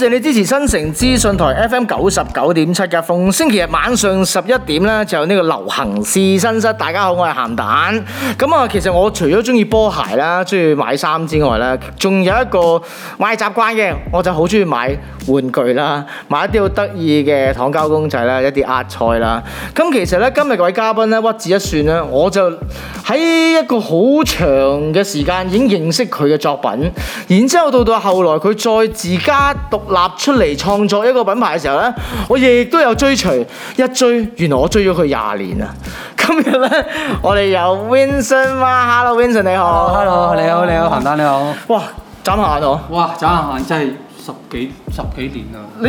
多謝你支持新城資訊台 FM 九十九點七嘅逢星期日晚上十一點呢，就有呢個流行試身室。大家好，我係咸蛋。咁啊，其實我除咗中意波鞋啦，中意買衫之外呢，仲有一個壞習慣嘅，我就好中意買玩具啦，買一啲好得意嘅糖膠公仔啦，一啲壓菜啦。咁其實呢，今日呢位嘉賓呢，屈指一算呢，我就喺一個好長嘅時間已經認識佢嘅作品，然之後到到後來佢再自家讀立出嚟創作一個品牌嘅時候咧，我亦都有追隨，一追原來我追咗佢廿年啊！今日咧，我哋有 Vincent Hello Vincent 你好 Hello，Hello 你好你好，聖丹，你好，哇，真係眨下眼睛，哇，哇真係十幾十幾年啊！你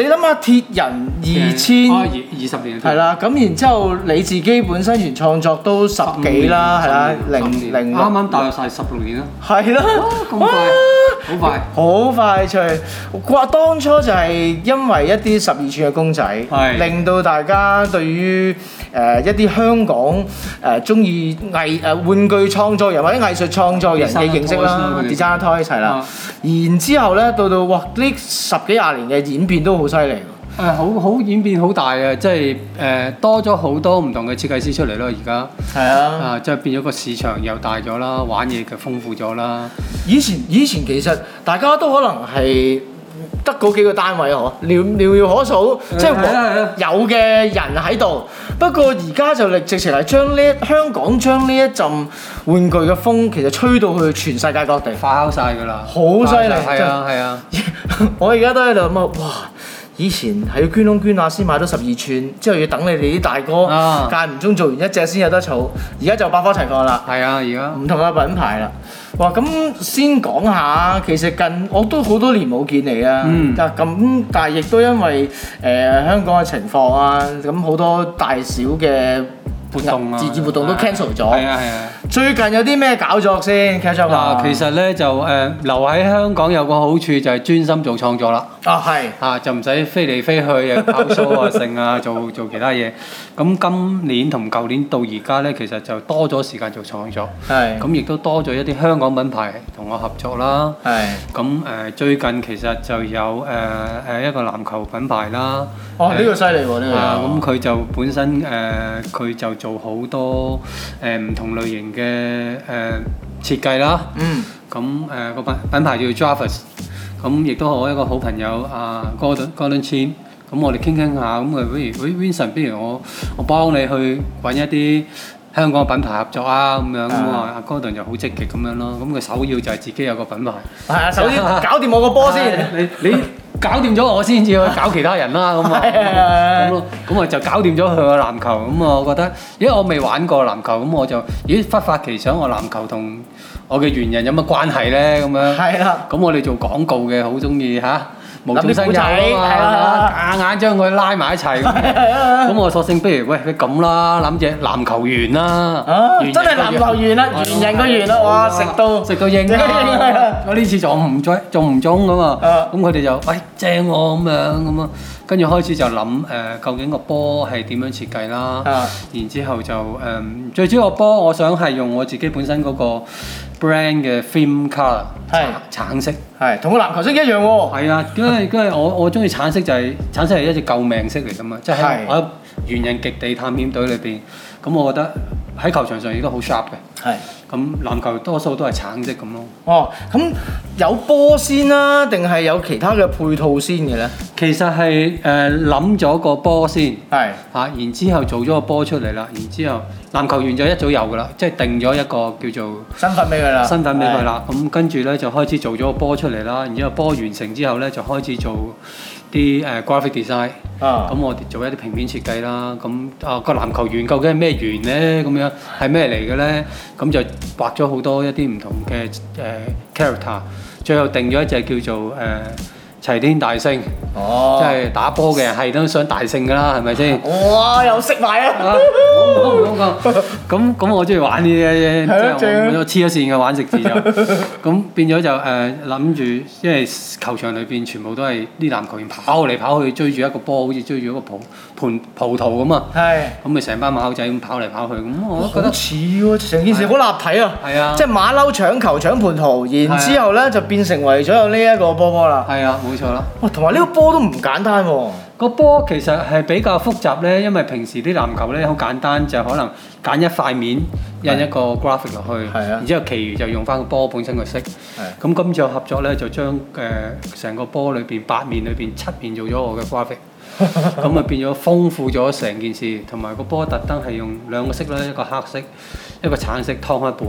你諗下鐵人二千啊，二二十年係啦，咁然之後你自己本身原創作都十幾啦，係啦，零零啱啱大曬十六年啦，係啦，咁快好快好快速。我話當初就係因為一啲十二寸嘅公仔，令到大家對於誒一啲香港誒中意藝誒玩具創作人或者藝術創作人嘅認識啦，自爭一胎一齊啦。然之後咧到到哇！呢十幾廿年嘅演變都、呃、好犀利，誒好好演變好大嘅，即係誒、呃、多咗好多唔同嘅設計師出嚟咯，而家係啊，啊、呃、即係變咗個市場又大咗啦，玩嘢嘅豐富咗啦。以前以前其實大家都可能係，得嗰幾個單位咯嗬，寥寥可數，即係有嘅人喺度。 不過而家就力直情係將呢香港將呢一陣玩具嘅風，其實吹到去全世界各地，發酵曬㗎啦，好犀利！係啊係啊，啊 我而家都喺度諗啊，哇！以前係要捐窿捐罅先買到十二寸，之後要等你哋啲大哥間唔中做完一隻先有得儲，而家就百花齊放啦，係啊，而家唔同嘅品牌啦。 哇！咁先講下，其實近我都好多年冇見你啦。咁、嗯、但係亦都因為、呃、香港嘅情況啊，咁好多大小嘅活動啊，節節活動都 cancel 咗。係啊係啊。最近有啲咩搞作先？嗱，其實咧就誒留喺香港有個好處就係專心做創作啦。啊係。啊就唔使飛嚟飛去啊，跑 show 啊，剩啊，做做其他嘢。咁今年同舊年到而家咧，其實就多咗時間做創作。係。咁亦都多咗一啲香港品牌同我合作啦。係。咁誒最近其實就有誒誒一個籃球品牌啦。哦，呢個犀利喎！呢個。啊，咁佢就本身誒佢就。做好多誒唔、呃、同類型嘅誒、呃、設計啦，咁誒個品品牌叫做 Javis 咁、嗯、亦都係我一個好朋友阿 Gordon Gordon Chin，咁、啊嗯、我哋傾傾下，咁誒如誒 Vincent，不如我我幫你去揾一啲香港品牌合作，嗯、啊，咁樣咁啊阿 Gordon 就好積極咁樣咯，咁、嗯、佢首要就係自己有個品牌，係啊，首先搞掂我個波先，你、啊啊、你。你 搞掂咗我先至去搞其他人啦，咁啊，咁啊就搞掂咗佢個籃球，咁啊，我覺得，因為我未玩過籃球，咁我就咦忽發奇想，我籃球同我嘅原人有乜關係咧？咁樣，咁 我哋做廣告嘅好中意吓。冇重心仔，係啦，硬硬將佢拉埋一齊，咁我索性不如餵佢咁啦，諗住籃球員啦，真係籃球員啦，圓形個圓啦，哇，食到食到贏，我呢次撞唔中，仲唔中咁啊，咁佢哋就餵正我咁啊咁啊。跟住開始就諗誒、呃，究竟個波係點樣設計啦？Uh. 然之後就誒、呃，最主要個波我想係用我自己本身嗰個 brand 嘅 film color 是橙色，係同個籃球色一樣喎、哦。係啊 因，因為因為我我中意橙色就係、是、橙色係一隻救命色嚟㗎嘛，即、就、係、是、我喺猿人極地探險隊裏邊。咁我覺得喺球場上亦都好 sharp 嘅。係。咁籃球多數都係橙色咁咯。哦，咁有波先啦，定係有其他嘅配套先嘅咧？其實係誒諗咗個波先。係。嚇、啊，然之後做咗個波出嚟啦，然之後籃球員就一早有㗎啦，即係定咗一個叫做身份俾佢啦。身份俾佢啦，咁跟住咧就開始做咗個波出嚟啦，然之後波完成之後咧就開始做。啲誒、uh, graphic design，咁、uh. 我哋做一啲平面設計啦。咁啊個籃球員究竟係咩員？咧咁樣係咩嚟嘅咧？咁就畫咗好多一啲唔同嘅誒、uh, character，最後定咗一隻叫做誒。Uh, 齊天大聖，即係打波嘅人係都想大勝㗎啦，係咪先？哇！又食埋啦～咁咁，我中意玩呢啲，即係我黐咗線嘅玩食字就咁變咗就誒諗住，因為球場裏邊全部都係啲籃球員跑嚟跑去追住一個波，好似追住一個葡盤葡萄咁啊！係咁咪成班馬騮仔咁跑嚟跑去，咁我都覺得似喎，成件事好立體啊！係啊，即係馬騮搶球搶蟠桃，然之後咧就變成為咗有呢一個波波啦。係啊！冇錯啦，哇、哦！同埋呢個波都唔簡單喎、啊。個波其實係比較複雜呢，因為平時啲籃球呢，好簡單，就是、可能揀一塊面印一個 graphic 落去，的然之後其餘就用翻個波本身個色。係的。咁今次我合作呢，就將誒成個波裏邊八面裏邊七面做咗我嘅 graphic，咁啊變咗豐富咗成件事，同埋個波特登係用兩個色啦，一個黑色，一個橙色，劏一半。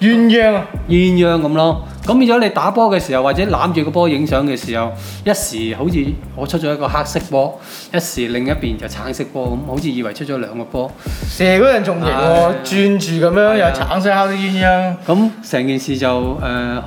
鴛鴦啊！鴛鴦咁咯。咁變咗你打波嘅時候，或者攬住個波影相嘅時候，一時好似我出咗一個黑色波，一時另一邊就橙色波咁，好似以為出咗兩個波。蛇嗰陣仲型喎，啊、轉住咁樣、啊、又橙色烤啲鴛鴦。咁成件事就誒好、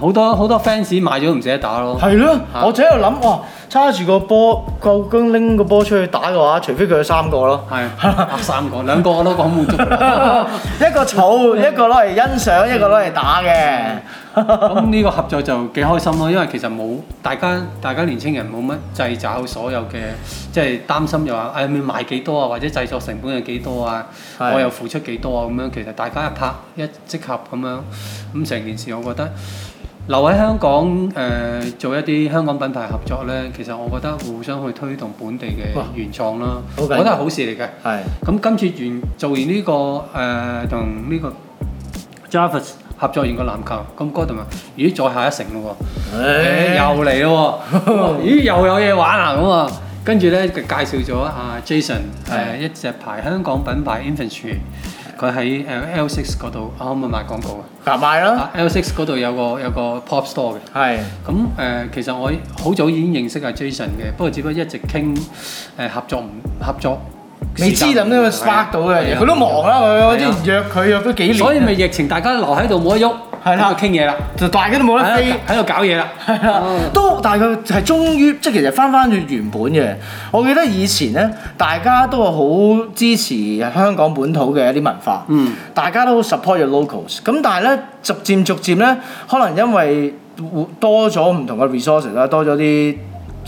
呃、多好多 fans 買咗都唔捨得打咯。係咯、啊，啊、我就喺度諗哇，揸住個波，夠薑拎個波出去打嘅話，除非佢有三個咯。係、啊，三個， 兩個我都好滿足 一。一個草，一個攞嚟欣賞，一個攞嚟打嘅。咁 呢個合作就幾開心咯，因為其實冇大家，大家年青人冇乜製作所有嘅，即係擔心又話，誒、哎、要賣幾多啊，或者製作成本有幾多啊，是的 我又付出幾多啊咁樣，其實大家一拍一即合咁樣，咁成件事我覺得留喺香港誒、呃、做一啲香港品牌合作呢，其實我覺得互相去推動本地嘅原創啦，哇我覺得係好事嚟嘅。係咁的今次完做完呢個誒同呢個。呃合作完個籃球，咁嗰度咪？咦，再下一城咯喎！欸、又嚟咯喎！ 咦，又有嘢玩啊咁啊！跟住咧，就介紹咗下、啊、Jason 係的、呃、一隻牌香港品牌 Infantry，佢喺誒 L6 嗰度可唔可以 賣廣告啊？夾賣啦！L6 嗰度有個有個 pop store 嘅，係咁誒。其實我好早已經認識阿 Jason 嘅，不過只不過一直傾誒、呃、合作唔合作。未知啦，咁樣 spark 到嘅佢的都忙啦，佢我的之前約佢約咗幾年，的所以咪疫情大家留喺度冇得喐，係啦的，傾嘢啦，就大家、嗯、都冇得喺度搞嘢啦，係啦，都但係佢係終於，即係其實翻返去原本嘅。我記得以前咧，大家都係好支持香港本土嘅一啲文化，嗯、大家都 support your locals。咁但係咧，逐漸逐漸咧，可能因為多咗唔同嘅 resource 啦，多咗啲，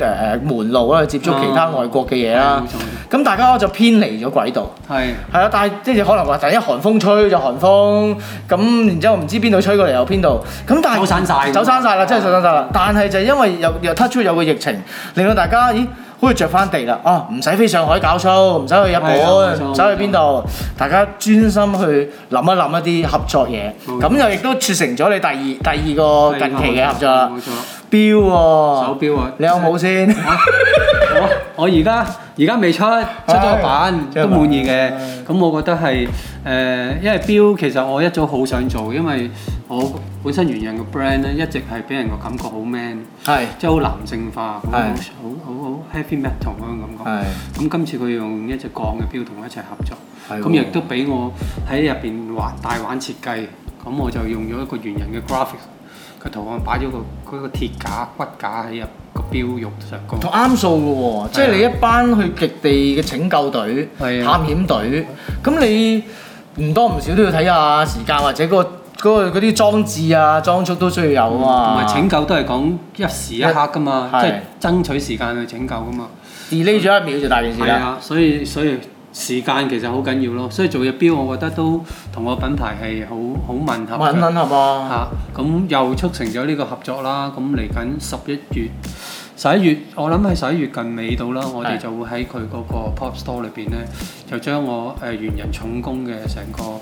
誒門路啦，接觸其他外國嘅嘢啦，咁大家就偏離咗軌道。係係啦，但係即係可能話，第一寒風吹就寒風，咁然之後唔知邊度吹過嚟又邊度，咁但係走散晒。走散晒啦，真係走散晒啦。但係就因為又又突出有個疫情，令到大家咦好似着返地啦，啊唔使飛上海搞 show，唔使去日本，走去邊度？大家專心去諗一諗一啲合作嘢，咁又亦都促成咗你第二第二個近期嘅合作啦。冇錯。表喎，手表喎，你有冇先？我我而家而家未出出咗版，都滿意嘅。咁我覺得係，誒，因為表其實我一早好想做，因為我本身猿人嘅 brand 咧，一直係俾人個感覺好 man，係即係好男性化，好好好好 heavy metal 種感覺。咁今次佢用一隻鋼嘅表同我一齊合作，咁亦都俾我喺入邊玩大玩設計，咁我就用咗一個猿人嘅 graphics。個圖案擺咗個嗰個鐵架、骨架喺入個錶肉上高，同啱數嘅喎，即係你一班去極地嘅拯救隊、是的 探險隊，咁你唔多唔少都要睇下時間，或者嗰、嗰個啲、嗰個、裝置啊、裝束都需要有啊、嗯。同埋拯救都係講一時一刻噶嘛，即係爭取時間去拯救噶嘛。delay 咗一秒就大件事啦，所以所以。所以時間其實好緊要咯，所以做日標，我覺得都同個品牌係好好吻合。吻合噃嚇，咁又促成咗呢個合作啦。咁嚟緊十一月，十一月我諗喺十一月近尾度啦，的我哋就會喺佢嗰個 pop store 裏邊呢，就將我誒、呃、原人重工嘅成個。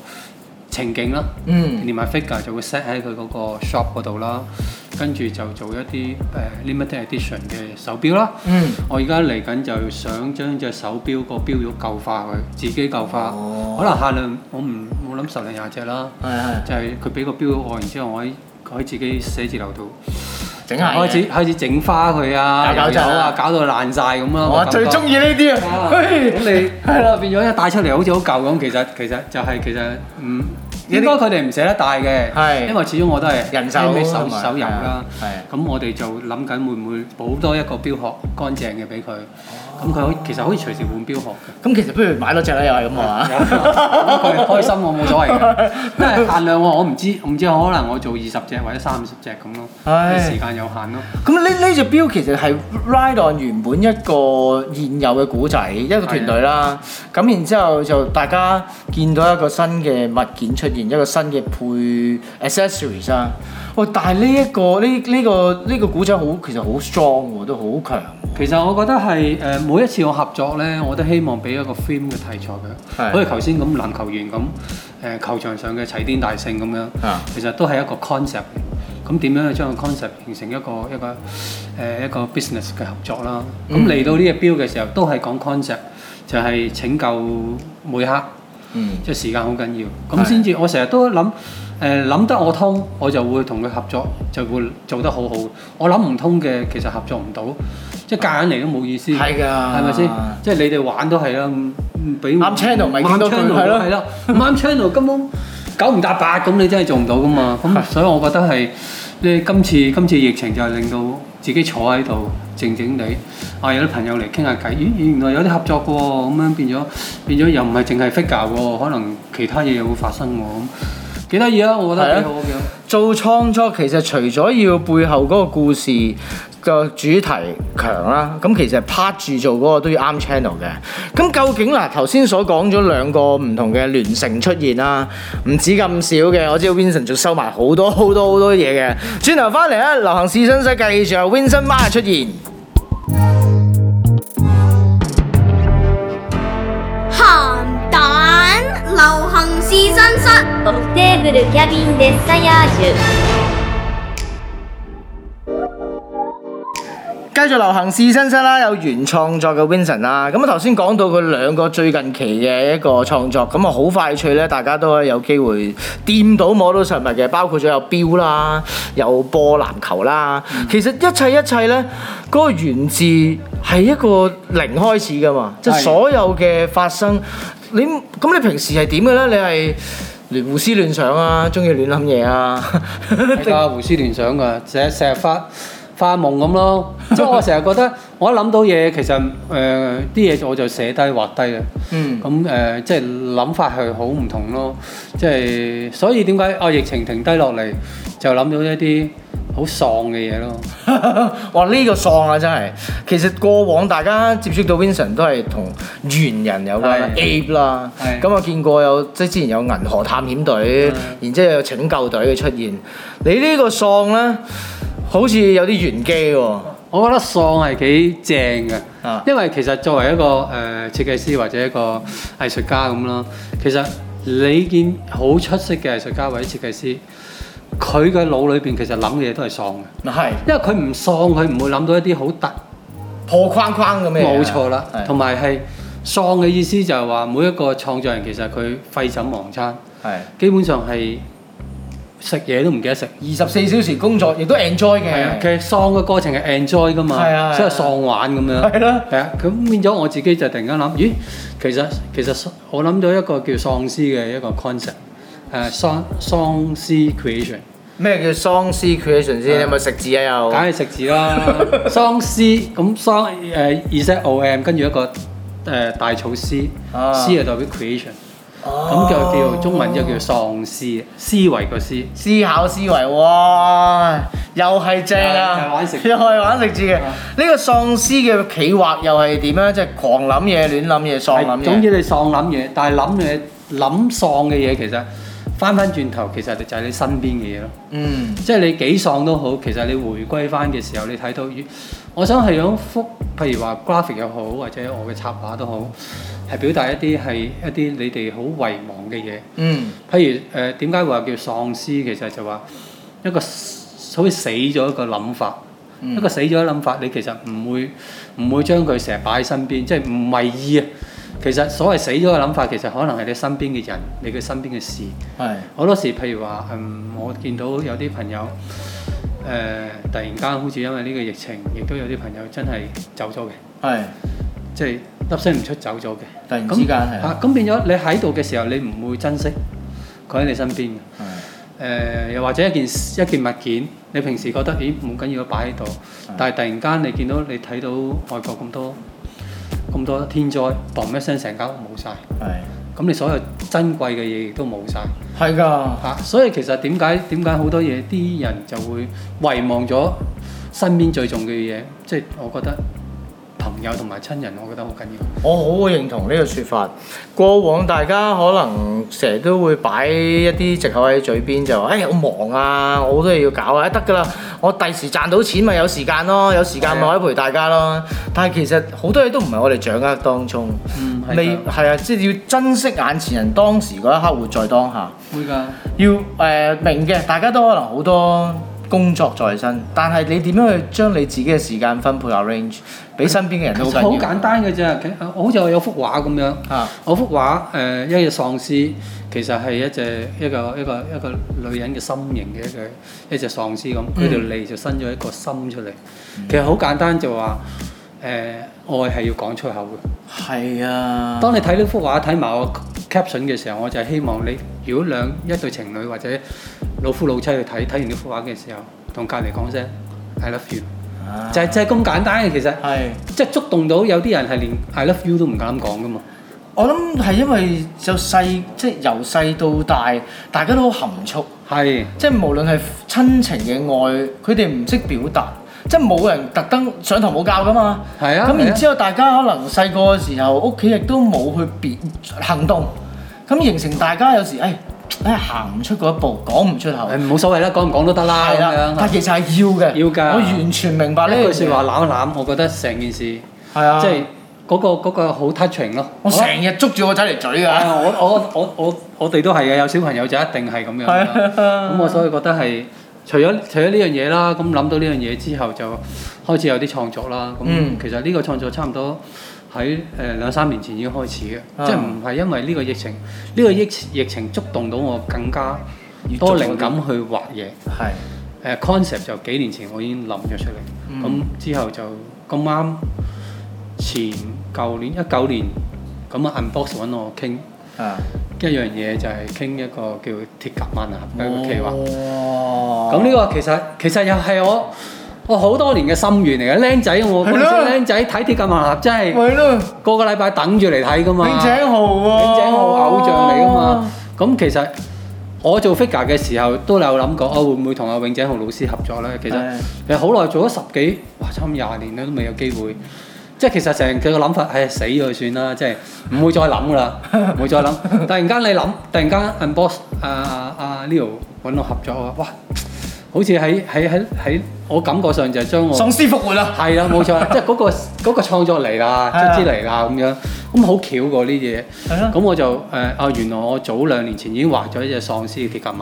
情景啦，連埋 figure 就會 set 喺佢嗰個 shop 嗰度啦，跟住就做一啲誒 limited edition 嘅手錶啦。嗯，我而家嚟緊就想將隻手錶個錶殼舊化佢，自己舊化。哦，可能限量我唔冇諗十零廿隻啦。係係，就係佢俾個錶殼我，然之後我可以可以自己寫字留圖，整下開始開始整花佢啊，搞走啊，搞到爛晒咁咯。我最中意呢啲啊，咁你係啦，變咗一帶出嚟好似好舊咁，其實其實就係其實嗯。應該佢哋唔捨得帶嘅，是因為始終我都係人,人手手手有啦。咁、啊啊嗯、我哋就諗緊會唔會補多一個錶殼乾淨嘅俾佢。咁佢可以其實可以隨時換表殼，嗯，咁其實不如買多隻啦，又係咁啊！佢 開心我冇所謂，因為限量我唔知唔知可能我做二十隻或者三十隻咁咯，因為時間有限咯。咁呢呢隻表其實係 ride on 原本一個現有嘅古仔一個團隊啦，咁然的之後就大家見到一個新嘅物件出現，一個新嘅配 accessories 啦。喂，但係呢一個呢呢、呢個呢、呢個故仔好，其實好 strong 都好強。其實我覺得係誒每一次我合作呢，我都希望俾一個 film 嘅題材佢。好似頭先咁籃球員咁，誒球場上嘅齊天大聖咁樣，的其實都係一個 concept。咁點樣去將個 concept 形成一個一個誒一個 business 嘅合作啦？咁嚟到呢個標嘅時候，嗯、都係講 concept，就係拯救每刻，即係、嗯、時間好緊要。咁先至，我成日都諗。誒諗得我通，我就會同佢合作，就會做得好好。我諗唔通嘅，其實合作唔到，即係夾硬嚟都冇意思。係㗎的，係咪先？即係你哋玩都係啦，唔唔俾我，channel 就唔係 channel，係咯係咯，channel 就根本九唔搭八，咁你真係做唔到噶嘛。咁的所以我覺得係，你今次今次疫情就係令到自己坐喺度靜靜地，啊有啲朋友嚟傾下偈，咦原來有啲合作喎，咁樣變咗變咗又唔係淨係 figure 喎，可能其他嘢又會發生喎咁。幾得意啊，我覺得幾好嘅。啊，幾好。做創作其實除咗要背後嗰個故事嘅主題強啦，咁其實拍住做嗰個都要啱 channel 嘅。咁究竟嗱頭先所講咗兩個唔同嘅聯乘出現啦，唔止咁少嘅，我知道 Vincent 仲收埋好多好多好多嘢嘅。轉頭翻嚟咧，流行視新世界仲有 Vincent 媽嘅出現。繼續流行試身室啦，有原創作嘅 Vincent 啦。咁啊，頭先講到佢兩個最近期嘅一個創作，咁啊好快脆咧，大家都可以有機會掂到摸到實物嘅，包括咗有錶啦，有波籃球啦。其實一切一切咧，嗰個源自係一個零開始噶嘛，即係所有嘅發生。你咁你平時係點嘅咧？你係？亂胡思亂想啊，中意亂諗嘢啊，係㗎，胡思亂想㗎，成成日發發夢咁咯。即係我成日覺得，我一諗到嘢，其實誒啲嘢我就寫低畫低啊。嗯,嗯，咁誒即係諗法係好唔同咯。即係所以點解啊？疫情停低落嚟就諗到一啲。好喪嘅嘢咯 哇，哇、這、呢個喪啊真係，其實過往大家接觸到 Vincent 都係同猿人有關啦是的，ape 啦，咁啊是的 見過有即係之前有銀河探險隊，然之後有拯救隊嘅出現，你呢個喪呢、啊，好似有啲玄機喎，我覺得喪係幾正嘅，啊、因為其實作為一個誒、呃、設計師或者一個藝術家咁咯，其實你見好出色嘅藝術家或者設計師。佢嘅腦裏邊其實諗嘅嘢都係喪嘅，係，因為佢唔喪，佢唔會諗到一啲好突破框框嘅咩，冇錯啦，同埋係喪嘅意思就係話每一個創作人其實佢廢寢忘餐，係，基本上係食嘢都唔記得食，二十四小時工作亦都 enjoy 嘅，其實喪嘅過程係 enjoy 噶嘛，係啊，即係喪玩咁樣，係咯，係啊，咁變咗我自己就突然間諗，咦，其實其實我諗咗一個叫喪屍嘅一個 concept。誒，喪喪屍 creation，咩叫喪屍 creation 先？你有冇食字啊？又梗係食字啦！喪屍咁喪，誒，E S O M，跟住一個誒大草尸，尸係代表 creation，咁就叫中文就叫喪尸，思維個思，思考思維，哇，又係正啊！又係玩食字嘅，呢個喪尸嘅企劃又係點咧？即係狂諗嘢、亂諗嘢、喪諗嘢。總之你喪諗嘢，但係諗嘢諗喪嘅嘢其實。翻翻轉頭，其實就係你身邊嘅嘢咯。嗯，即係你幾喪都好，其實你回歸翻嘅時候，你睇到，我想係用幅，譬如話 graphic 又好，或者我嘅插畫都好，係表達一啲係一啲你哋好遺忘嘅嘢。嗯，譬如誒點解話叫喪屍，其實就話一個好似死咗一個諗法，嗯、一個死咗嘅諗法，你其實唔會唔會將佢成日擺喺身邊，即係唔為意。其實所謂死咗嘅諗法，其實可能係你身邊嘅人，你嘅身邊嘅事。係好是的 多時，譬如話，嗯，我見到有啲朋友，誒、呃，突然間好似因為呢個疫情，亦都有啲朋友真係走咗嘅。係是的 即係粒聲唔出走咗嘅。突然之間係嚇咁變咗，你喺度嘅時候，是的 你唔會珍惜佢喺你身邊嘅。誒是的、呃，又或者一件一件物件，你平時覺得咦唔緊要擺喺度，但係突然間你見到你睇到外國咁多。咁多天災，嘣一聲成間屋冇晒。係咁的你所有珍貴嘅嘢亦都冇晒。係㗎嚇。所以其實點解點解好多嘢啲人就會遺忘咗身邊最重嘅嘢，即係我覺得。朋友同埋親人，我覺得好緊要。我好認同呢個說法。過往大家可能成日都會擺一啲藉口喺嘴邊，就話：哎，好忙啊，好多嘢要搞啊，得㗎啦。我第時賺到錢咪有時間咯，有時間咪可以陪大家咯。啊、但係其實好多嘢都唔係我哋掌握當中。未、嗯，係啊，即係要珍惜眼前人，當時嗰一刻活在當下。會㗎。要誒、呃、明嘅，大家都可能好多。工作在身，但係你點樣去將你自己嘅時間分配 arrange，俾身邊嘅人都好簡單嘅啫，好似我有幅畫咁樣，啊，我幅畫誒，一隻喪屍，其實係一，一，啊，一，呃，一隻，一隻一個一個一個女人嘅心形嘅一個一隻喪屍。咁，佢條脷就伸咗一個心出嚟。其實好簡單就話誒。呃愛係要講出口嘅，係啊！當你睇呢幅畫睇埋我 caption 嘅時候，我就係希望你，如果兩一對情侶或者老夫老妻去睇睇完呢幅畫嘅時候，同隔離講聲 I love you、啊、就係、是、咁、就是、簡單嘅其實，即係是觸動到有啲人係連 I love you 都唔敢講噶嘛。我諗係因為由細即係由細到大，大家都好含蓄，係即係無論係親情嘅愛，佢哋唔識表達。即係冇人特登上堂冇教㗎嘛，咁然之後大家可能細個嘅時候屋企亦都冇去變行動，咁形成大家有時誒誒行唔出嗰一步，講唔出口。誒冇所謂啦，講唔講都得啦。嗯、樣但其實係要嘅，要㗎。我完全明白呢句説話，攬一攬，我覺得成件事，即係嗰個嗰、嗰個好 touching 咯。我成日捉住我仔嚟嘴㗎，我我我我哋都係嘅，有小朋友就一定係咁樣。咁我、啊、所以覺得係。除咗除咗呢樣嘢啦，咁諗到呢樣嘢之後就開始有啲創作啦。咁、嗯、其實呢個創作差唔多喺誒兩三年前已經開始嘅，嗯、即係唔係因為呢個疫情，呢、呢個疫疫情觸動到我更加多靈感去畫嘢。係、呃、concept 就幾年前我已經諗咗出嚟，咁、嗯、之後就咁啱前舊年一九年，咁啊 Unbox 揾我傾啊。嗯一樣嘢就係傾一個叫鐵甲萬能俠嘅企劃，咁呢、哦、個其實其實又係我我好多年嘅心願嚟嘅，僆仔我個僆仔睇鐵甲萬能俠真係，個的個禮拜等住嚟睇噶嘛，永井豪，永井豪偶像嚟噶嘛，咁其實我做 figure 嘅時候都有諗過啊，會唔會同阿永井豪老師合作咧？其實的其實好耐做咗十幾，哇差唔多廿年都未有機會。即係其實成佢個諗法，係死咗算啦！即係唔會再諗噶啦，唔會再諗。突然間你諗，突然間 Unbox 阿阿 Leo 揾我合作啊！哇，好似喺喺喺喺我感覺上就係將我喪屍復活啦。係啦，冇錯，即係嗰個嗰個創作嚟啦，卒之嚟啦咁樣，咁好巧過呢啲嘢。係咯。咁我就誒啊，原來我早兩年前已經畫咗一隻喪屍鐵甲蠻鴨。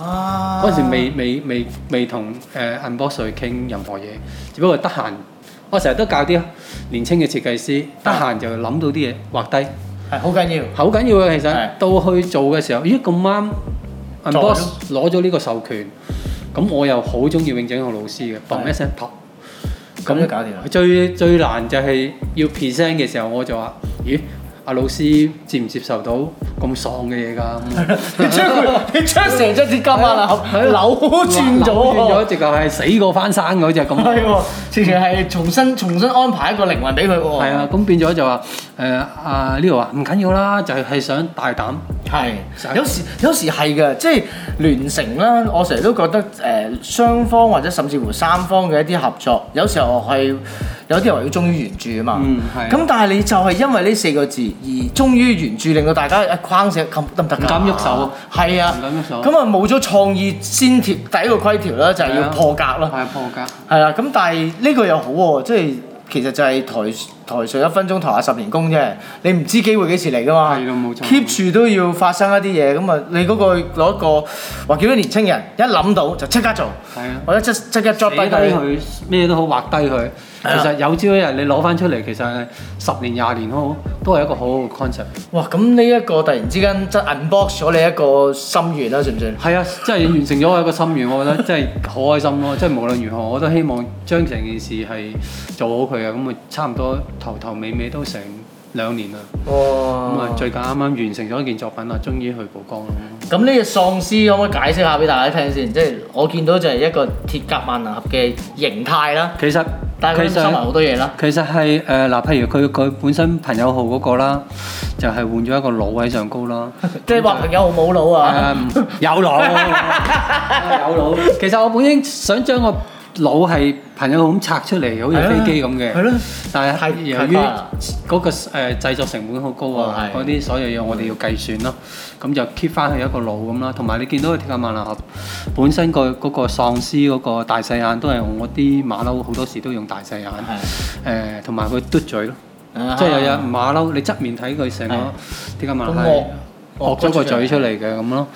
啊。嗰陣時未未未未同誒 Unbox 去傾任何嘢，只不過得閒。我成日都教啲年輕嘅設計師，得閒、啊、就諗到啲嘢畫低，係好緊要，好緊要啊！其實的到去做嘅時候，咦，咁啱，inbox 攞咗呢個授權，咁我又好中意永井浩老師嘅，嘣一聲啪，咁的搞掂啦。最最難就係要 present 嘅時候，我就話咦。阿老師接唔接受到咁爽嘅嘢㗎？你出你將成隻鐵金花啊，扭轉咗，扭轉咗直頭係死過翻生㗎，好咁。係 直情係重新重新安排一個靈魂俾佢喎。係、 嗯、 啊，咁變咗就話、是。誒阿、uh, Leo 話唔緊要啦，就係、是、想大膽。係是想，有時有時係嘅，即、就、係、是、聯成啦。我成日都覺得誒、呃、雙方或者甚至乎三方嘅一啲合作，有時候係有啲人要忠於原著啊嘛。嗯，咁、啊、但係你就係因為呢四個字而忠於原著，令到大家框成咁得唔得唔敢喐手。係啊。唔敢喐手。咁啊冇咗創意先條第一個規條啦，就係要破格咯。係、啊、破格。係啊，咁但係呢個又好喎，即係其實就係台。台上一分鐘，台下十年功啫。你唔知機會幾時嚟㗎嘛？係咯，冇錯。Keep 住都要發生一啲嘢，咁啊、嗯，咁你嗰、嗰個攞、嗰個嗰個、一個話幾多年青人一諗到就即刻做，啊的，或者即即刻 drop 低佢，咩都好畫低佢。的其實有朝一日你攞翻出嚟，其實十年廿年咯，都係一個好好嘅 concept。哇！咁呢一個突然之間即 unbox 咗你一個心願啦，算唔算？係啊，真係完成咗我一個心願， 我覺得真係好開心咯。 即係無論如何，我都希望將成件事係做好佢啊。咁啊，差唔多。頭頭尾尾都成兩年啦，咁啊哇最近啱啱完成咗一件作品啦，終於去曝光。咁呢隻喪屍可唔可以解釋下俾大家聽先？即係我見到就係一個鐵甲萬能俠嘅形態啦實。其實，嘢啦。其實係誒嗱，譬如佢佢本身朋友號嗰個啦，就係換咗一個腦喺上高啦。 即係話朋友號冇腦啊？有腦，有腦。其實我本應想將我。腦係朋友咁拆出嚟，好似飛機咁嘅，了但係由於嗰個誒製作成本好高啊，嗰啲、哦、所有嘢我哋要計算咯，咁的就 keep 翻去一個腦咁啦。同埋你見到鐵甲萬能俠本身個嗰個喪屍個大細眼都係用嗰啲馬騮，好多時都用大細眼，誒同埋佢嘟嘴咯，即係、啊、有馬騮你側面睇佢成個鐵甲萬能俠。的擘咗個嘴出嚟嘅咁咯，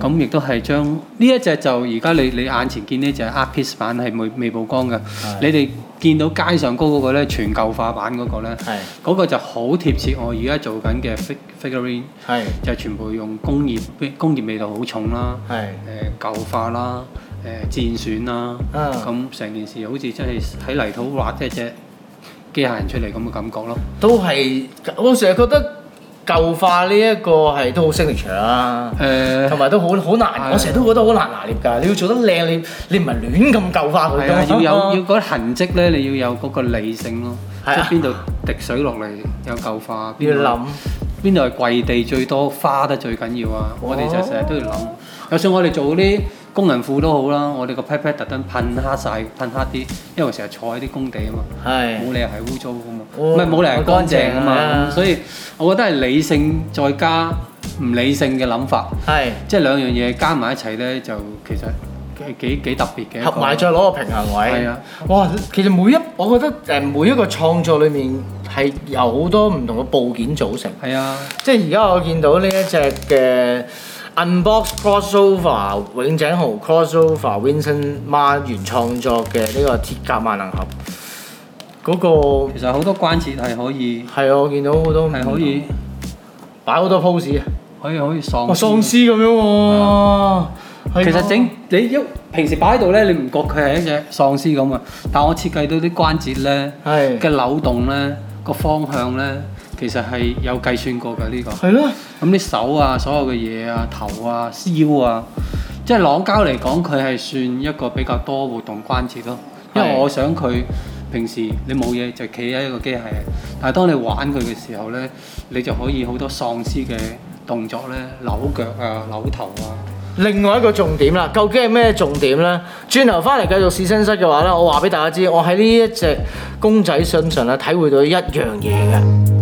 咁亦都係將呢一隻就而家你你眼前見呢隻 Art Piece 版係未未曝光嘅，是你哋見到街上高嗰個咧全舊化版嗰個咧，嗰是個就好貼切我而家做緊嘅 figurine，是就全部用工業，工業味道好重啦，誒是、欸、舊化啦，誒、欸、戰損啦，咁成、啊、件事好似真係喺泥土挖一隻機械人出嚟咁嘅感覺咯。都係，我成日覺得。舊化呢一個係都好 signature 啊，同埋、呃、都好好難，的我成日都覺得好難拿捏㗎。你要做得靚，你你唔係亂咁舊化佢，要有咯。嗯、要嗰痕跡咧，你要有嗰個理性咯，的即係邊度滴水落嚟有舊化，邊度要諗，邊度係跪地最多花得最緊要啊！我哋就成日都要諗，哦、就算我哋做啲。工人褲都好啦，我哋個 pat pat 特登噴黑晒，噴黑啲，因為成日坐喺啲工地啊嘛，冇是理由係污糟噶嘛，唔係冇理由乾淨噶嘛，嗯、所以我覺得係理性再加唔理性嘅諗法，是即係兩樣嘢加埋一齊咧，就其實係幾幾,幾特別嘅，合埋再攞個平衡位。啊、哇，其實每一，我覺得誒每一個創作裏面係有好多唔同嘅部件組成。係啊，即係而家我見到呢一隻嘅。Unbox Crossover 永井豪 crossover Winson Ma 原創作嘅呢個鐵甲萬能盒，嗰個其實好多關節係可以係啊，我見到好多係可以擺好多 pose 啊，可以可以喪喪屍咁樣喎。其實整你一，平時擺喺度咧，你唔覺佢係一隻喪屍咁啊。但我設計到啲關節咧，係，嘅扭動咧，個方向咧。其實係有計算過㗎的，呢個係咯。咁啲手啊，所有嘅嘢啊，頭啊、腰啊，即係攞膠嚟講，佢係算一個比較多活動關節咯。的因為我想佢平時你冇嘢就企喺一個機械。但係當你玩佢嘅時候呢，你就可以好多喪屍嘅動作咧，扭腳啊、呃，扭頭啊。另外一個重點啦，究竟係咩重點呢？轉頭翻嚟繼續試身室嘅話咧，我話俾大家知，我喺呢一隻公仔身上係體會到一樣嘢嘅。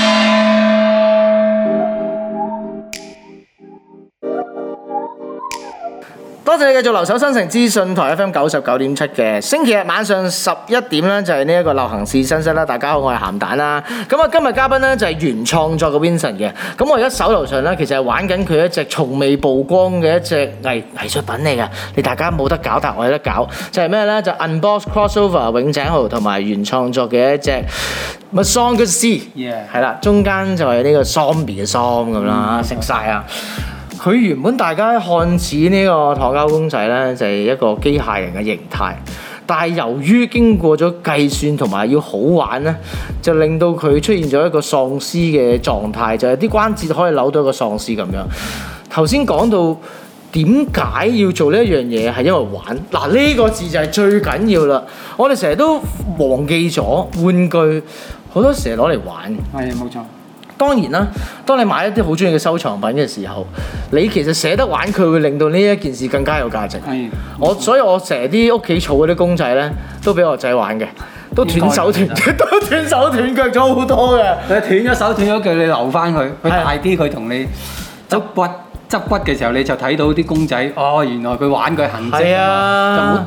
多謝你繼續留守新城資訊台 FM 九十九點七嘅星期日晚上十一點呢，就係呢一個流行視新識啦。大家好，我係鹹蛋啦。咁啊，今日嘉賓呢，就係原創作嘅 Vincent 嘅。咁我而家手頭上呢，其實係玩緊佢一隻從未曝光嘅一隻藝藝術品嚟嘅。你大家冇得搞，但我有得搞。就係咩呢？就 Unbox Crossover 永井豪同埋原創作嘅一隻 Mazinger Z。係啦 Yeah.，中間就係呢個 Zombie 嘅 Song 咁啦，食晒啊！佢原本大家看似呢個搪膠公仔呢，就係一個機械人嘅形態。但係由於經過咗計算同埋要好玩呢，就令到佢出現咗一個喪屍嘅狀態，就係、是、啲關節可以扭到一個喪屍咁樣。頭先講到點解要做呢一樣嘢，係因為玩嗱呢、這個字就係最緊要啦。我哋成日都忘記咗玩具好多時攞嚟玩，係啊，冇錯。當然啦，當你買一啲好中意嘅收藏品嘅時候，你其實捨得玩佢，會令到呢一件事更加有價值。嗯、我、嗯、所以，我成日啲屋企儲嗰啲公仔呢，都俾我仔玩嘅，都斷手斷，都斷手斷腳咗好多嘅。你斷咗手斷咗腳，你留翻佢，佢大啲佢同你執骨執、啊、骨嘅時候，你就睇到啲公仔，哦，原來佢玩佢痕跡。咁樣。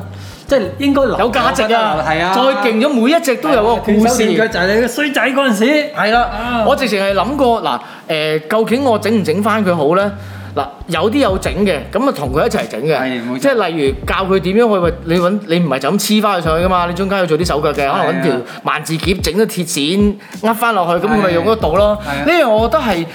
即係應該有價值啊！啊，再勁咗，每一隻都有個故事。啊、手腳就係你個衰仔嗰陣時。啦、啊，啊、我直情係諗過嗱，誒、欸，究竟我整唔整翻佢好咧？嗱，有啲有整嘅，咁啊同佢一齊整嘅，即係例如教佢點樣去，你你唔係就咁黐翻佢上去噶嘛？你中間要做啲手腳嘅，啊、可能揾條萬字鉗整咗鐵線，呃翻落去，咁咪用得到咯。呢樣、啊啊、我覺得係。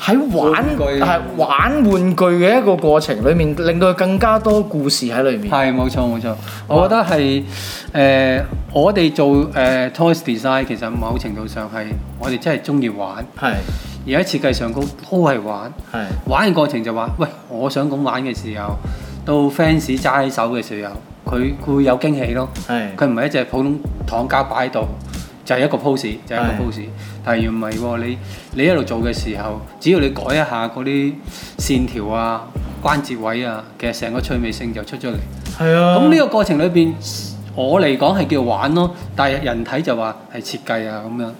喺玩，玩具，係玩玩具嘅一個過程裏面，令到更加多故事喺裏面。係冇錯冇錯，錯哇 我覺得係誒、呃，我哋做誒、呃、toys design 其實某程度上係我哋真係中意玩。係是的 而喺設計上高都係玩。係是的 玩嘅過程就話、是，喂，我想咁玩嘅時候，到 fans 揸喺手嘅時候，佢佢會有驚喜咯。係，佢唔係一隻普通糖膠擺喺度。就係一個 pose，就係、是、一個 pose。但係唔係喎，你你一路做嘅時候，只要你改一下嗰啲線條啊、關節位啊，其實成個趣味性就出咗嚟。係啊。咁呢個過程裏邊，我嚟講係叫玩咯，但係人體就話係設計啊咁樣，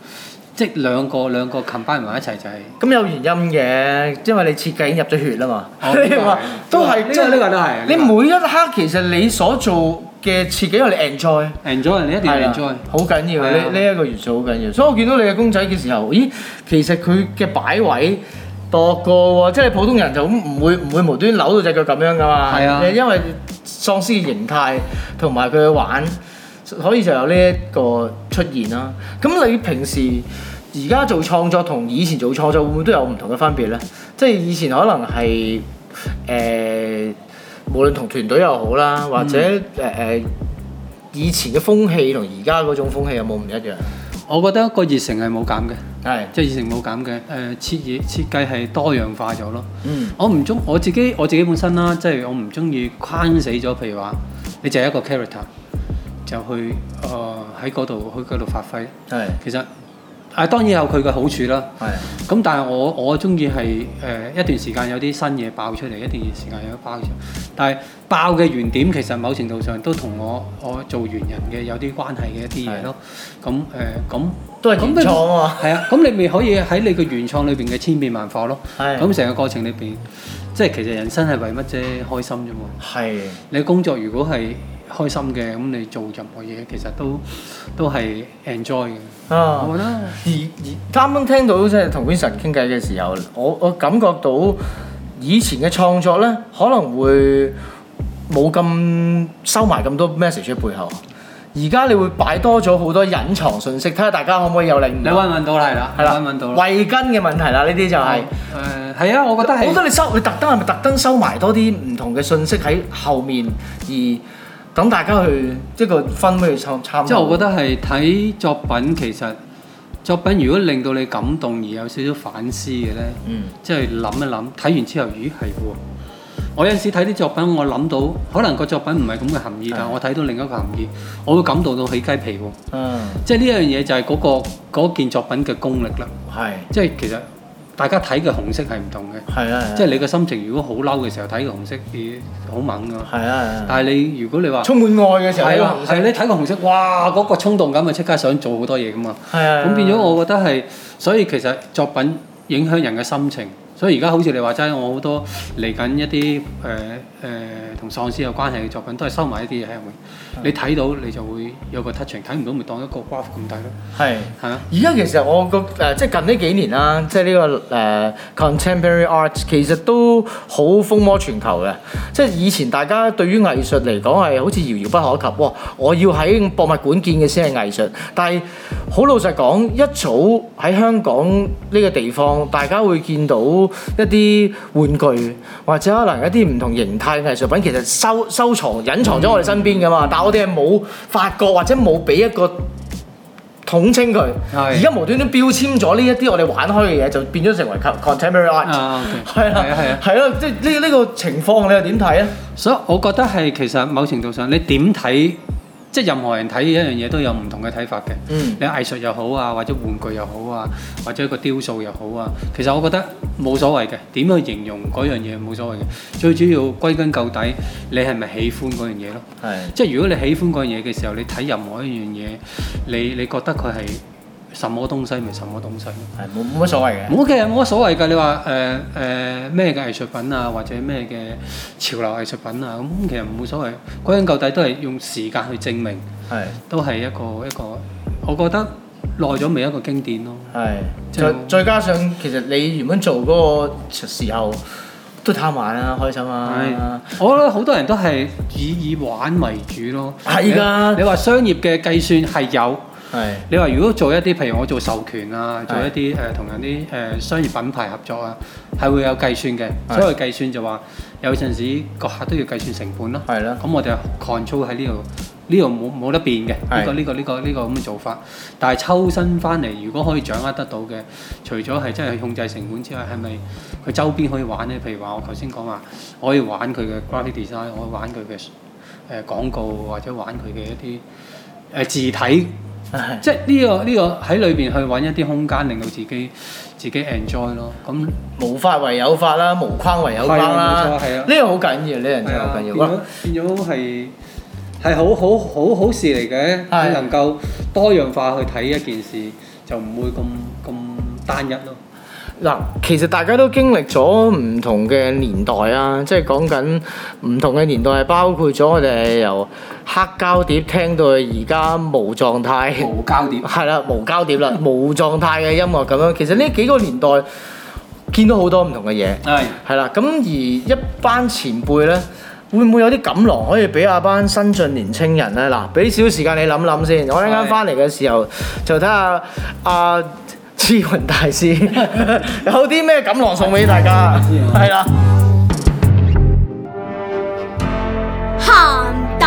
即係兩個兩個 combine 埋一齊就係。咁有原因嘅，因為你設計已經入咗血啦嘛。都係，呢、這個呢個都係。你，你，你每一刻其實你所做。嘅設計，我哋 enjoy，enjoy 你一定要，enjoy 好緊要，呢呢一個元素好緊要。所以我見到你嘅公仔嘅時候，咦，其實佢嘅擺位多過喎，即係普通人就唔會唔會無端扭到隻腳咁樣噶嘛。係啊的，因為喪屍嘅形態同埋佢玩，所以就有呢一個出現啦。咁你平時而家做創作同以前做創作會唔會都有唔同嘅分別咧？即係以前可能係誒。呃無論同團隊又好啦，或者誒誒、嗯呃、以前嘅風氣同而家嗰種風氣有冇唔一樣？我覺得個熱誠係冇減嘅是，係即係熱誠冇減嘅。誒設嘢設計係多元化咗咯、嗯。嗯，我唔中我自己我自己本身啦，即係我唔中意框死咗。譬如話，你就係一個 character，就去誒喺嗰度去嗰度發揮。係是 其實。誒當然有佢嘅好處啦，咁的但係我我中意係誒一段時間有啲新嘢爆出嚟，一段時間有啲爆出嚟，但係爆嘅原點其實某程度上都同我我做原人嘅有啲關係嘅一啲嘢咯。咁誒咁都係原創喎，係啊，咁你咪可以喺你嘅原創裏邊嘅千變萬化咯。咁成的個過程裏邊，即係其實人生係為乜啫？開心啫嘛。係的你工作如果係。開心嘅咁，你做任何嘢其實都都係 enjoy 嘅。啊，我覺得而而啱啱聽到即係同 Vincent 傾偈嘅時候，我我感覺到以前嘅創作咧可能會冇咁收埋咁多 message 喺背後。而家你會擺多咗好多隱藏信息，睇下大家可唔可以有領？你揾揾到啦，係啦，係啦的，揾揾到。慧根嘅問題啦，呢啲就係係啊，我覺得係。我覺得你收你特登係咪特登收埋多啲唔同嘅信息喺後面而？等大家去，這個、去即係分俾佢參參。即我覺得係睇作品，其實作品如果令到你感動而有少少反思嘅呢，即係諗一諗睇完之後咦係喎。我有陣時睇啲作品，我諗到可能個作品唔係咁嘅含義，是的 但係我睇到另一個含義，我會感動到，到起雞皮喎。嗯即、那個，即係呢一樣嘢就係嗰個嗰件作品嘅功力啦。係，是的 即係其實。大家睇嘅紅色係唔同嘅，即係你嘅心情如果好嬲嘅時候睇個紅色，咦好猛㗎！啊！但係你如果你話充滿愛嘅時候，係咯，係你睇個紅色，哇嗰、那個衝動感啊，即刻想做好多嘢㗎嘛！咁的變咗我覺得係，所以其實作品影響人嘅心情。所以而家好似你話齋我好多嚟緊一啲誒誒同喪屍有關係嘅作品，都係收埋一啲嘢喺入面。是的 你睇到你就會有個 touching 睇唔到咪當一個瓜咁睇咯。係是的 吧，嚇。而家其實我個誒、呃、即係近呢幾年啦，即係、這、呢個誒、呃、contemporary art 其實都好風靡全球嘅。即係以前大家對於藝術嚟講係好似遙遙不可及，哇！我要喺博物館見嘅先係藝術，但係好老實講一早喺香港呢個地方，大家會見到。一啲玩具，或者可能一啲唔同形態嘅藝術品，其實收收藏隱藏咗我哋身邊噶嘛，嗯、但係我哋係冇發覺，或者冇俾一個統稱佢。而家係無端端標籤咗呢一啲我哋玩開嘅嘢，就變咗成為 contemporary art，係啦，係啊，係、okay，啊，係咯、啊，即係呢呢個情況，你又點睇咧？所以，我覺得係其實某程度上，你點睇？即係任何人睇一樣嘢都有唔同嘅睇法嘅，嗯、你藝術又好啊，或者玩具又好啊，或者一個雕塑又好啊，其實我覺得冇所謂嘅，點樣形容嗰樣嘢冇所謂嘅，最主要歸根究底，你係咪喜歡嗰樣嘢咯？係是，即係如果你喜歡嗰樣嘢嘅時候，你睇任何一樣嘢，你你覺得佢係。什麼東西咪什麼東西，係冇冇乜所謂嘅。冇嘅，冇乜所謂嘅。你話誒誒咩嘅藝術品啊，或者咩嘅潮流藝術品啊，咁其實冇所謂。歸根究底都係用時間去證明，是的 都係一個一個，我覺得耐咗咪一個經典咯。係，再再加上其實你原本做嗰個時候都貪玩啦、啊，開心啦、啊。我覺得好多人都係以以玩為主咯。係㗎的，你話商業嘅計算係有。係，是你話如果做一啲，譬如我做授權啊，是的 做一啲誒同人啲誒、呃、商業品牌合作啊，係會有計算嘅。是的 所謂計算就話有陣時個客都要計算成本咯、啊。係咯是的。咁我哋 control 喺呢度，呢度冇冇得變嘅。呢是的、呢個呢、呢個呢、呢個呢、呢個咁嘅做法，但係抽身翻嚟，如果可以掌握得到嘅，除咗係真係控制成本之外，係咪佢周邊可以玩呢？譬如話我頭先講話，我可以玩佢嘅 graphic design，我可以玩佢嘅誒廣告或者玩佢嘅一啲誒字體。 即係、這、呢個呢、這個喺裏邊去揾一啲空間，令到自己自己 enjoy 咯。咁無法為有法啦，無框為有框啦。係啊，呢個好緊要，呢樣真係好緊要。啊、變咗變咗係係好好,好好事嚟嘅，啊、能夠多樣化去睇一件事，就唔會咁咁單一咯。嗱，其實大家都經歷咗唔同嘅年代啊，即係講緊唔同嘅年代係包括咗我哋由。黑膠碟聽到佢而家無狀態，係啦，無膠碟啦，無狀態嘅音樂咁樣。其實呢幾個年代見到好多唔同嘅嘢，係，係啦。咁而一班前輩咧，會唔會有啲錦囊可以俾一班新晉年青人咧？嗱，俾少時間你諗諗先。我一陣間翻嚟嘅時候就睇下阿志雲大師有啲咩錦囊送俾大家，係啦。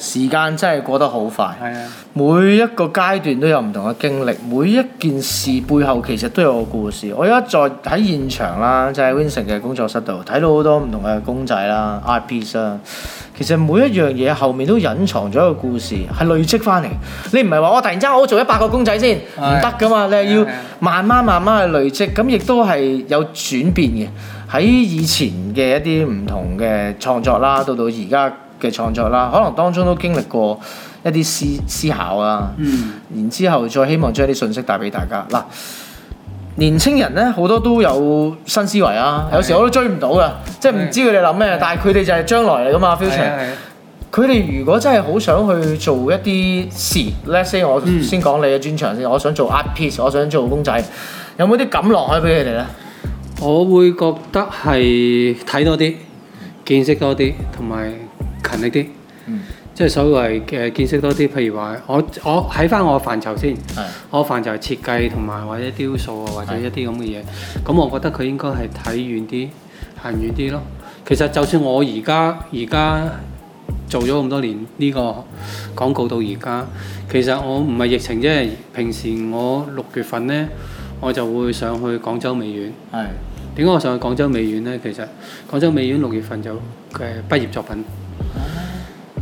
時間真係過得好快，Yeah. 每一個階段都有唔同嘅經歷，每一件事背後其實都有個故事。我而家在喺現場啦，就喺 Winson 嘅工作室度，睇到好多唔同嘅公仔啦、IP 啊，其實每一樣嘢後面都隱藏咗一個故事，係累積翻嚟。你唔係話我突然間我做一百個公仔先，唔得㗎嘛，你係要慢慢慢慢去累積，咁亦都係有轉變嘅。喺以前嘅一啲唔同嘅創作啦，到到而家。嘅創作啦，可能當中都經歷過一啲思思考啊，嗯、然之後再希望將啲信息帶俾大家嗱。年輕人呢，好多都有新思維啊，是有時我都追唔到噶，即係唔知佢哋諗咩。是但係佢哋就係將來嚟噶嘛。Future，佢哋如果真係好想去做一啲事的，Let's say 我先講你嘅專長先，嗯、我想做 Art Piece，我想做公仔，有冇啲感落去俾佢哋呢？我會覺得係睇多啲，見識多啲，同埋。近一啲，嗯、即係所謂嘅見識多啲。譬如話，我我喺翻我，我範疇先，是的 我範疇係設計同埋或者雕塑啊，或者一啲咁嘅嘢。咁是的 我覺得佢應該係睇遠啲，行遠啲咯。其實就算我而家而家做咗咁多年呢、呢個廣告到而家，其實我唔係疫情啫。平時我六月份呢，我就會上去廣州美院。係點解我上去廣州美院呢？其實廣州美院六月份就嘅、呃、畢業作品。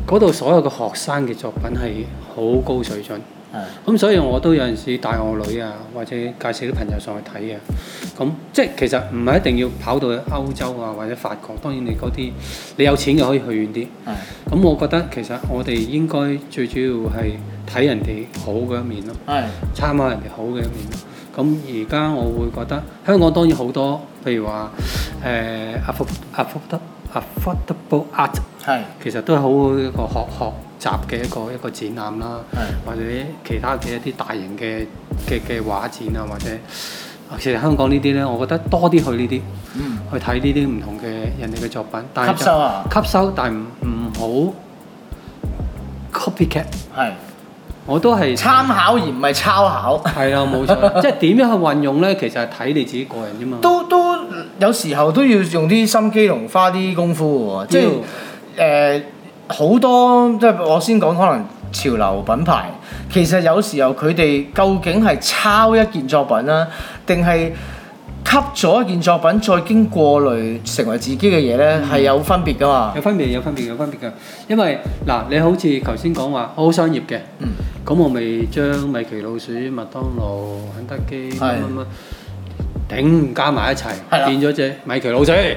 嗰度所有嘅學生嘅作品係好高水準，咁 Yes. 所以我都有陣時帶我女啊，或者介紹啲朋友上去睇啊。咁即係其實唔係一定要跑到去歐洲啊，或者法國，當然你嗰啲你有錢嘅可以去遠啲。咁 Yes. 我覺得其實我哋應該最主要係睇人哋好嘅一面咯，Yes. 參考人哋好嘅一面咯。咁而家我會覺得香港當然好多，譬如話、呃、阿福阿福德。affordable art 係是的 其實都係好一個學學習嘅一個一個展覽啦，係是的 或者其他嘅一啲大型嘅嘅嘅畫展啊，或者其實香港呢啲咧，我覺得多啲去呢啲、嗯、去睇呢啲唔同嘅人哋嘅作品，嗯、但係吸收啊，吸收，但係唔唔好 copycat。係是的 我都係參考而唔係抄考、嗯。 係啦，冇錯，即係點樣去運用咧？其實係睇你自己個人啫嘛。都都。都有時候都要用啲心機同花啲功夫喎，就是，即係誒好多，即係我先講可能潮流品牌，其實有時候佢哋究竟係抄一件作品啦，定係吸咗一件作品再經過濾成為自己嘅嘢呢？係、嗯、有分別噶嘛？有分別，有分別，有分別㗎。因為嗱，你好似頭先講話好、好商業嘅，咁、嗯、我咪將米奇老鼠、麥當勞、肯德基乜乜。的的頂加埋一齊，是的 變咗隻米奇老鼠，咁是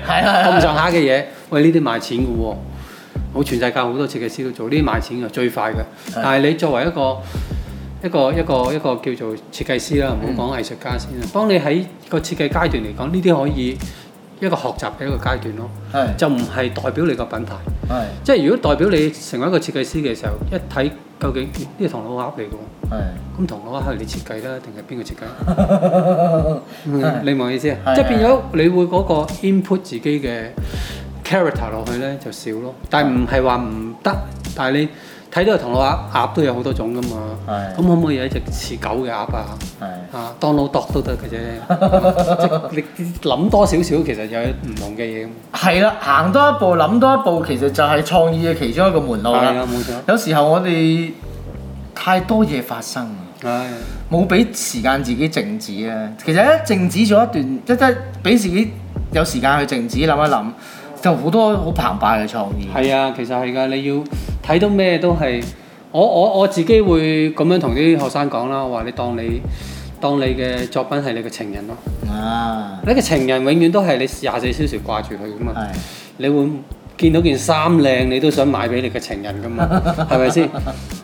的 上下嘅嘢，是的 喂，呢啲賣錢㗎喎，好，全世界好多設計師都做，呢啲賣錢又最快㗎。但係你作為一個一個一個一個叫做設計師啦，唔好講藝術家先啦。當你喺個設計階段嚟講，呢啲可以。一個學習嘅一個階段咯，的就唔係代表你個品牌，的即係如果代表你成為一個設計師嘅時候，一睇究竟呢個唐老鴨嚟㗎喎，咁唐老鴨係你設計啦，定係邊個設計？你明我意思啊？即係的變咗你會嗰個 input 自己嘅 character 落去咧，就少咯。但係唔係話唔得，但係你。睇到係同唐老鴨，鴨都有好多種噶嘛，咁是的 可唔可以有一隻似狗嘅鴨啊？嚇是的、啊，當老竇都得嘅啫，你諗多少少，其實有唔同嘅嘢。係啦，行多一步，諗多一步，其實就係創意嘅其中一個門路啦。啊，冇錯。有時候我哋太多嘢發生，冇俾的時間自己靜止啊。其實呢，靜止咗一段，即即係俾自己有時間去靜止，諗一諗。就好多好澎湃嘅創意。係啊，其實係噶，你要睇到咩都係，我我我自己會咁樣同啲學生講啦，我話你當你當你嘅作品係你嘅情人咯。啊！你嘅情人永遠都係你廿四小時掛住佢噶嘛。是你會見到件衫靚，你都想買俾你嘅情人噶嘛？係咪先？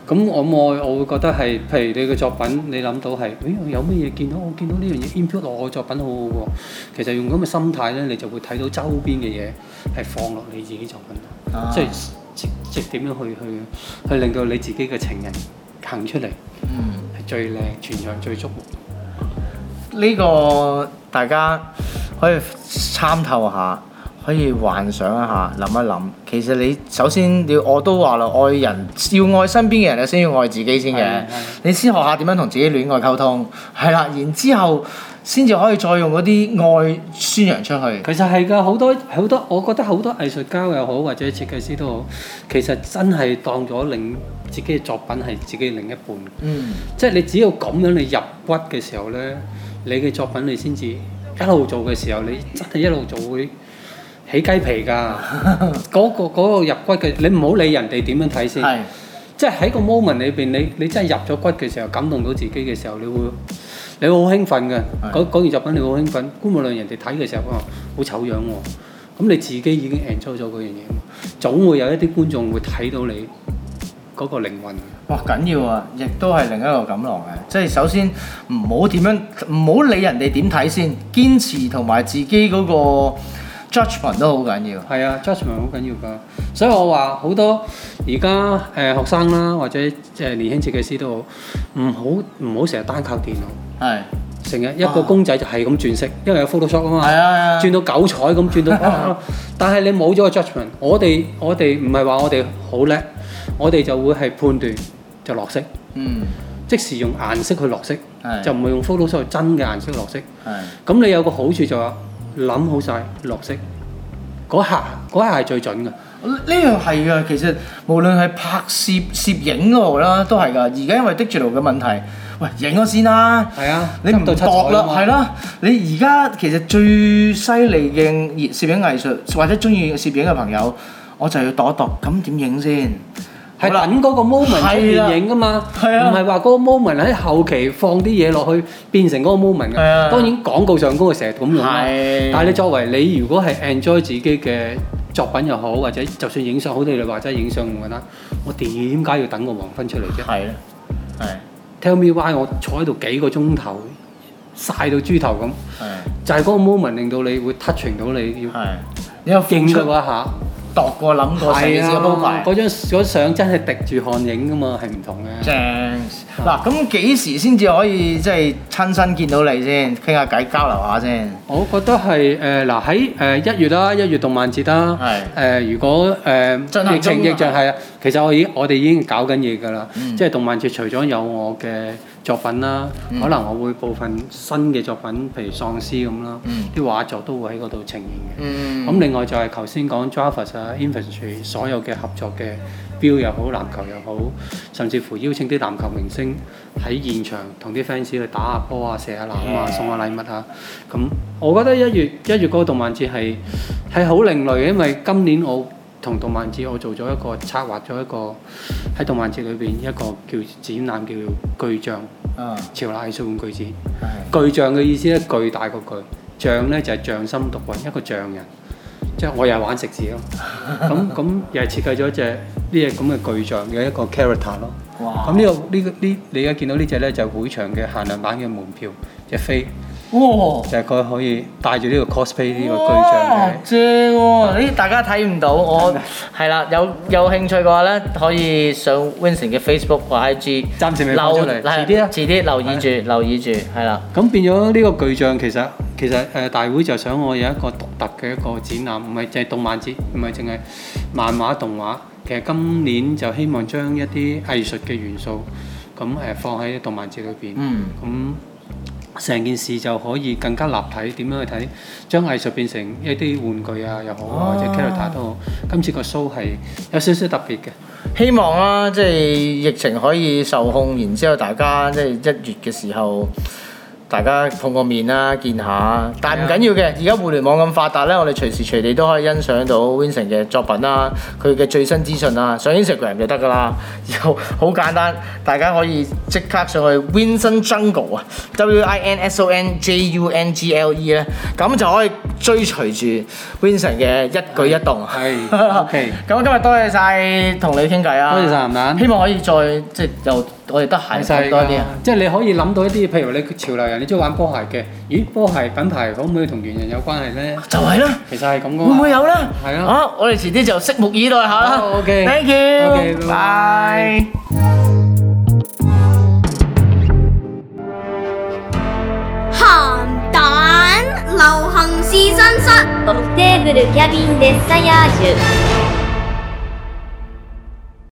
咁我我我會覺得係，譬如你嘅作品，你諗到係，咦有咩嘢見到？我見到呢樣嘢 input 落我作品好好、啊、喎。其實用咁嘅心態呢，你就會睇到周邊嘅嘢。係放落你自己作品、啊，即係即即點樣去去去令到你自己嘅情人行出嚟，係、嗯、最靚，全場最足。呢、這個大家可以參透下，可以幻想一下，諗一諗。其實你首先要，我都話啦，愛人要愛身邊嘅人，你先要愛自己先嘅。你先學下點樣同自己戀愛溝通，係啦，然之後。先至可以再用嗰啲愛宣揚出去。其實係噶，好多好多，我覺得好多藝術家又好，或者設計師都好，其實真係當咗令自己嘅作品係自己嘅另一半。嗯，即係你只要咁樣你入骨嘅時候呢，你嘅作品你先至一路做嘅時候，你真係一路做會起雞皮㗎。嗰、 嗰個嗰個入骨嘅，你唔好理人哋點樣睇先。係，即係喺個 moment 裏邊，你你真係入咗骨嘅時候，感動到自己嘅時候，你會。你好興奮嘅，講的講完作品你好興奮，觀眾嚟人哋睇嘅時候啊，好醜樣喎，咁你自己已經 enjoy 咗嗰樣嘢，總會有一啲觀眾會睇到你嗰個靈魂。哇緊要啊，亦都係另一個錦囊嘅、啊，即係首先唔好點樣，唔好理人哋點睇先，堅持同埋自己嗰、那個。judgment 都好緊要，係啊，judgment 好緊要㗎，所以我話好多而家誒學生啦，或者誒年輕設計師都好，唔好唔好成日單靠電腦，係成日一個公仔就係咁轉色，因為有 photoshop 啊嘛、啊，轉到九彩咁轉到， 但係你冇咗個 judgment，我哋我哋唔係話我哋好叻，我哋就會係判斷就落色，嗯，即時用顏色去落色，是就唔會用 photoshop 真嘅顏色落色，係是，咁是你有個好處就話、是。諗好晒，落色，嗰下嗰下係最準嘅。呢樣係㗎，其實無論係拍攝攝影嗰度啦，都係㗎。而家因為 digital 嘅問題，喂，影咗先啦。係啊，啊你唔度啦，係啦、啊。你而家其實最犀利嘅攝影藝術，或者中意攝影嘅朋友，我就要度一度。咁點影先？係等嗰個 moment 去影㗎嘛，唔係話嗰個 moment 喺後期放啲嘢落去變成嗰個 moment 㗎。啊、當然廣告上嗰個成日咁用，但係你作為你如果係 enjoy 自己嘅作品又好，或者就算影相好啲你話，真係影相唔簡單。我點解要等個黃昏出嚟啫？係啦、啊，係、啊。Tell me why 我坐喺度幾個鐘頭曬到豬頭咁，啊、就係嗰個 moment 令到你會 touching 到你要，啊、因為驚咗一下。度過諗過死嘅都埋，嗰對、啊、張相真係滴住汗影㗎嘛，係唔同嘅。嗱，咁幾時先至可以即係、就是、親身見到你先傾下偈交流下先？我覺得係誒嗱喺誒一月啦，一月動漫節啦，誒、嗯呃、如果誒、呃、的疫情逆就係啊，其實我已我哋已經，已經搞緊嘢㗎啦，嗯、即係動漫節除咗有我嘅。作品啦，可能我會部分新嘅作品，譬如喪屍咁啦，啲畫作都會喺嗰度呈現嘅。咁、嗯、另外就係頭先講 Jaffa 啊 Infantry 所有嘅合作嘅錶，又好，籃球又好，甚至乎邀請啲籃球明星喺現場同啲 fans 去打下波啊，射下籃啊，送下禮物啊。咁我覺得一月一月，嗰個動漫節係係好另類嘅，因為今年我。同動漫節，我做咗一個策劃，咗一個喺動漫節裏邊一個叫展覽叫巨匠，潮流藝術館巨匠。巨匠嘅的意思咧，巨大個巨，匠咧就係匠心獨運一個匠人，即係我又玩食字咯。咁咁 又係設計咗一隻呢隻咁嘅巨像嘅一個 character 咯。哇 Wow.、呢個！咁、呢、呢個呢、呢個呢、呢個，你而家見到呢隻咧就係會場嘅限量版嘅門票隻飛。哇！就係佢可以帶住呢個 cosplay 呢哇個巨像正喎！你、啊、的大家睇唔到，我係啦，有有興趣嘅話咧，可以上 Winston 嘅 Facebook 或 IG，暫時未發出嚟，的遲啲啦，遲啲留意住，的留意住，係啦。咁變咗呢個巨像，其實其實誒大會就想我有一個獨特嘅一個展覽，唔係淨係動漫節，唔係淨係漫畫動畫。其實今年就希望將一啲藝術嘅元素咁誒放喺動漫節裏邊，嗯，咁。成件事就可以更加立體，點樣去睇？將藝術變成一啲玩具啊，又好哇或者 carota 都好。今次個 show 係有少少特別嘅，希望啦、啊，即係疫情可以受控，然之後大家即係一月嘅時候。大家碰個面啦，見下。但係唔緊要嘅，而家互聯網咁發達呢，我哋隨時隨地都可以欣賞到 Winson 嘅作品啦，佢嘅最新資訊啦，上 Instagram 就得㗎啦，然又好簡單。大家可以即刻上，上去 Winson, Jungle, Winson Jungle 啊，W I N S O N J U N G L E 咧，咁就可以追隨住 Winson 嘅一舉一動。係。咁、okay. 今日多謝晒同你傾偈啊，多謝晒，希望可以再即係又。我哋得閒多啲啊，即係你可以諗到一啲，譬如你潮流人，你中意玩波鞋嘅，咦，波鞋品牌可唔可以同原人有關係咧？就係啦，其實係咁嘅，會唔會有咧？係咯，啊，我哋遲啲就拭目以待下啦。O K，thank you，bye。鹹蛋流行試身室。